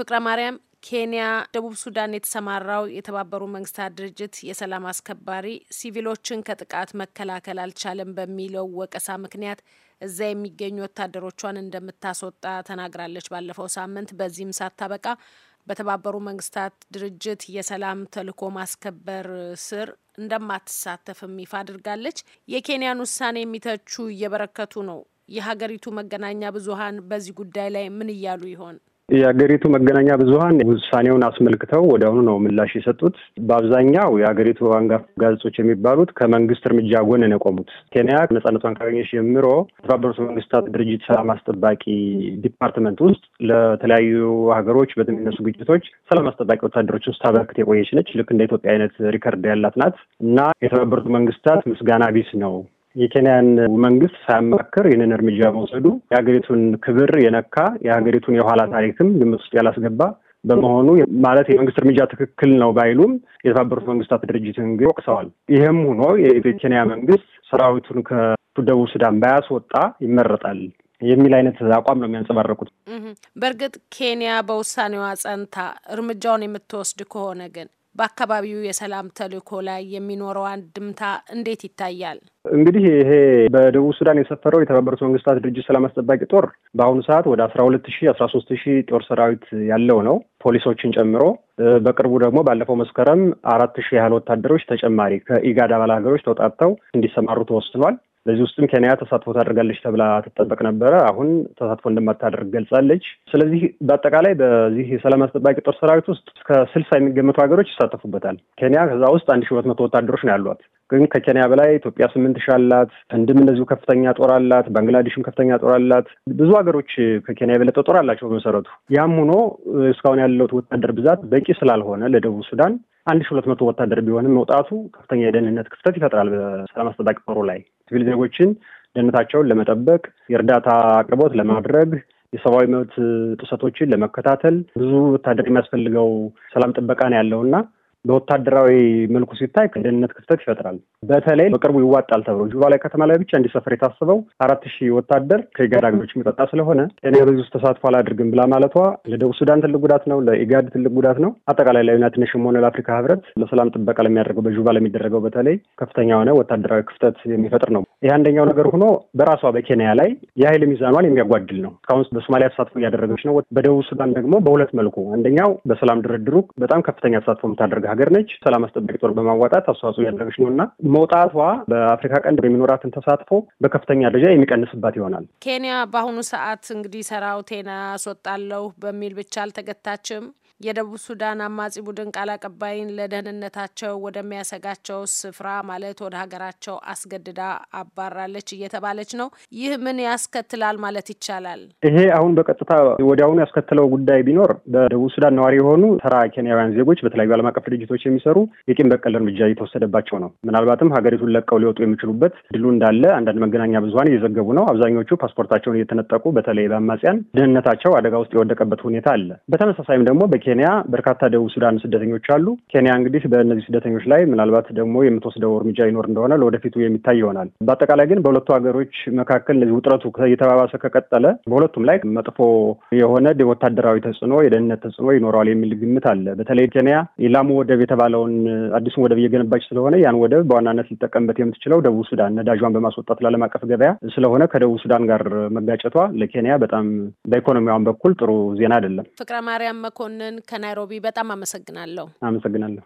ፍቅረ ማርያም ኬንያ፣ ደቡብ ሱዳን የተሰማራው የተባበሩ መንግስታት ድርጅት የሰላም አስከባሪ ሲቪሎችን ከጥቃት መከላከል አልቻለም በሚለው ወቀሳ ምክንያት እዛ የሚገኙ ወታደሮቿን እንደምታስወጣ ተናግራለች። ባለፈው ሳምንት በዚህም ሳታበቃ በተባበሩ መንግስታት ድርጅት የሰላም ተልኮ ማስከበር ስር እንደማትሳተፍም ይፋ አድርጋለች። የኬንያን ውሳኔ የሚተቹ እየበረከቱ ነው። የሀገሪቱ መገናኛ ብዙሀን በዚህ ጉዳይ ላይ ምን እያሉ ይሆን? የሀገሪቱ መገናኛ ብዙሀን ውሳኔውን አስመልክተው ወዲያውኑ ነው ምላሽ የሰጡት። በአብዛኛው የሀገሪቱ አንጋፋ ጋዜጦች የሚባሉት ከመንግስት እርምጃ ጎን ነው የቆሙት። ኬንያ ነጻነቷን ካገኘች ጀምሮ የተባበሩት መንግስታት ድርጅት ሰላም አስጠባቂ ዲፓርትመንት ውስጥ ለተለያዩ ሀገሮች በሚነሱ ግጭቶች ሰላም አስጠባቂ ወታደሮችን ስታበረክት የቆየች ነች። ልክ እንደ ኢትዮጵያ አይነት ሪከርድ ያላት ናት እና የተባበሩት መንግስታት ምስጋና ቢስ ነው የኬንያን መንግስት ሳያማክር ይህንን እርምጃ መውሰዱ የሀገሪቱን ክብር የነካ የሀገሪቱን የኋላ ታሪክም ግምት ውስጥ ያላስገባ በመሆኑ ማለት የመንግስት እርምጃ ትክክል ነው ባይሉም የተባበሩት መንግስታት ድርጅትን ግን ወቅሰዋል። ይህም ሆኖ የኬንያ መንግስት ሰራዊቱን ከደቡብ ሱዳን ባያስወጣ ይመረጣል የሚል አይነት አቋም ነው የሚያንጸባረቁት። በእርግጥ ኬንያ በውሳኔዋ ጸንታ እርምጃውን የምትወስድ ከሆነ ግን በአካባቢው የሰላም ተልእኮ ላይ የሚኖረው አንድምታ እንዴት ይታያል? እንግዲህ ይሄ በደቡብ ሱዳን የሰፈረው የተባበሩት መንግስታት ድርጅት ሰላም አስጠባቂ ጦር በአሁኑ ሰዓት ወደ አስራ ሁለት ሺ አስራ ሶስት ሺ ጦር ሰራዊት ያለው ነው ፖሊሶችን ጨምሮ። በቅርቡ ደግሞ ባለፈው መስከረም አራት ሺህ ያህል ወታደሮች ተጨማሪ ከኢጋድ አባል ሀገሮች ተውጣጥተው እንዲሰማሩ ተወስኗል። በዚህ ውስጥም ኬንያ ተሳትፎ ታደርጋለች ተብላ ትጠበቅ ነበረ። አሁን ተሳትፎ እንደማታደርግ ገልጻለች። ስለዚህ በአጠቃላይ በዚህ የሰላም አስጠባቂ ጦር ሰራዊት ውስጥ እስከ ስልሳ የሚገመቱ ሀገሮች ይሳተፉበታል። ኬንያ ከዛ ውስጥ አንድ ሺ ሁለት መቶ ወታደሮች ነው ያሏት። ግን ከኬንያ በላይ ኢትዮጵያ ስምንት ሺ አላት። ህንድም እንደዚሁ ከፍተኛ ጦር አላት። ባንግላዴሽም ከፍተኛ ጦር አላት። ብዙ ሀገሮች ከኬንያ የበለጠ ጦር አላቸው በመሰረቱ። ያም ሆኖ እስካሁን ያለው ወታደር ብዛት በቂ ስላልሆነ ለደቡብ ሱዳን አንድ ሺ ሁለት መቶ ወታደር ቢሆንም መውጣቱ ከፍተኛ የደህንነት ክፍተት ይፈጥራል። በሰላም አስጠባቂ ላይ ሲቪል ዜጎችን ደህንነታቸውን ለመጠበቅ የእርዳታ አቅርቦት ለማድረግ የሰብአዊ መብት ጥሰቶችን ለመከታተል ብዙ ወታደር የሚያስፈልገው ሰላም ጥበቃ ነው ያለው እና በወታደራዊ መልኩ ሲታይ ከደህንነት ክፍተት ይፈጥራል። በተለይ በቅርቡ ይዋጣል ተብሎ ጁባ ላይ ከተማ ላይ ብቻ እንዲሰፍር የታሰበው አራት ሺህ ወታደር ከኢጋድ ሀገሮች የሚጠጣ ስለሆነ እኔ በዚህ ውስጥ ተሳትፎ አላድርግም ብላ ማለቷ ለደቡብ ሱዳን ትልቅ ጉዳት ነው፣ ለኢጋድ ትልቅ ጉዳት ነው። አጠቃላይ ለዩናይትድ ኔሽን ሆነ ለአፍሪካ ህብረት ለሰላም ጥበቃ ለሚያደርገው በጁባ ለሚደረገው በተለይ ከፍተኛ የሆነ ወታደራዊ ክፍተት የሚፈጥር ነው። ይህ አንደኛው ነገር ሆኖ በራሷ በኬንያ ላይ የኃይል ሚዛኗን የሚያጓድል ነው። እስካሁን በሶማሊያ ተሳትፎ እያደረገች ነው። በደቡብ ሱዳን ደግሞ በሁለት መልኩ፣ አንደኛው በሰላም ድርድሩ በጣም ከፍተኛ ተሳትፎ የምታደርግ ሀገር ነች። ሰላም አስጠባቂ ጦር በማዋጣት አስተዋጽኦ እያደረገች ነው እና መውጣቷ በአፍሪካ ቀንድ የሚኖራትን ተሳትፎ በከፍተኛ ደረጃ የሚቀንስባት ይሆናል። ኬንያ በአሁኑ ሰዓት እንግዲህ ሰራዊቴን አስወጣለሁ በሚል ብቻ አልተገታችም። የደቡብ ሱዳን አማጺ ቡድን ቃል አቀባይን ለደህንነታቸው ወደሚያሰጋቸው ስፍራ ማለት ወደ ሀገራቸው አስገድዳ አባራለች እየተባለች ነው። ይህ ምን ያስከትላል ማለት ይቻላል? ይሄ አሁን በቀጥታ ወዲያውኑ ያስከትለው ጉዳይ ቢኖር በደቡብ ሱዳን ነዋሪ የሆኑ ተራ ኬንያውያን ዜጎች በተለያዩ ዓለም አቀፍ ድርጅቶች የሚሰሩ የቂም በቀል እርምጃ እየተወሰደባቸው ነው። ምናልባትም ሀገሪቱን ለቀው ሊወጡ የሚችሉበት ድሉ እንዳለ አንዳንድ መገናኛ ብዙሀን እየዘገቡ ነው። አብዛኞቹ ፓስፖርታቸውን እየተነጠቁ፣ በተለይ በአማጽያን ደህንነታቸው አደጋ ውስጥ የወደቀበት ሁኔታ አለ። በተመሳሳይም ደግሞ በኬ ኬንያ በርካታ ደቡብ ሱዳን ስደተኞች አሉ። ኬንያ እንግዲህ በእነዚህ ስደተኞች ላይ ምናልባት ደግሞ የምትወስደው እርምጃ ይኖር እንደሆነ ለወደፊቱ የሚታይ ይሆናል። በአጠቃላይ ግን በሁለቱ ሀገሮች መካከል እነዚህ ውጥረቱ እየተባባሰ ከቀጠለ በሁለቱም ላይ መጥፎ የሆነ ወታደራዊ ተጽዕኖ፣ የደህንነት ተጽዕኖ ይኖረዋል የሚል ግምት አለ። በተለይ ኬንያ ኢላሙ ወደብ የተባለውን አዲሱን ወደብ እየገነባች ስለሆነ ያን ወደብ በዋናነት ሊጠቀምበት የምትችለው ደቡብ ሱዳን ነዳጇን በማስወጣት ለዓለም አቀፍ ገበያ ስለሆነ ከደቡብ ሱዳን ጋር መጋጨቷ ለኬንያ በጣም በኢኮኖሚዋን በኩል ጥሩ ዜና አይደለም። ፍቅረ ማርያም መኮንን ከናይሮቢ በጣም አመሰግናለሁ። አመሰግናለሁ።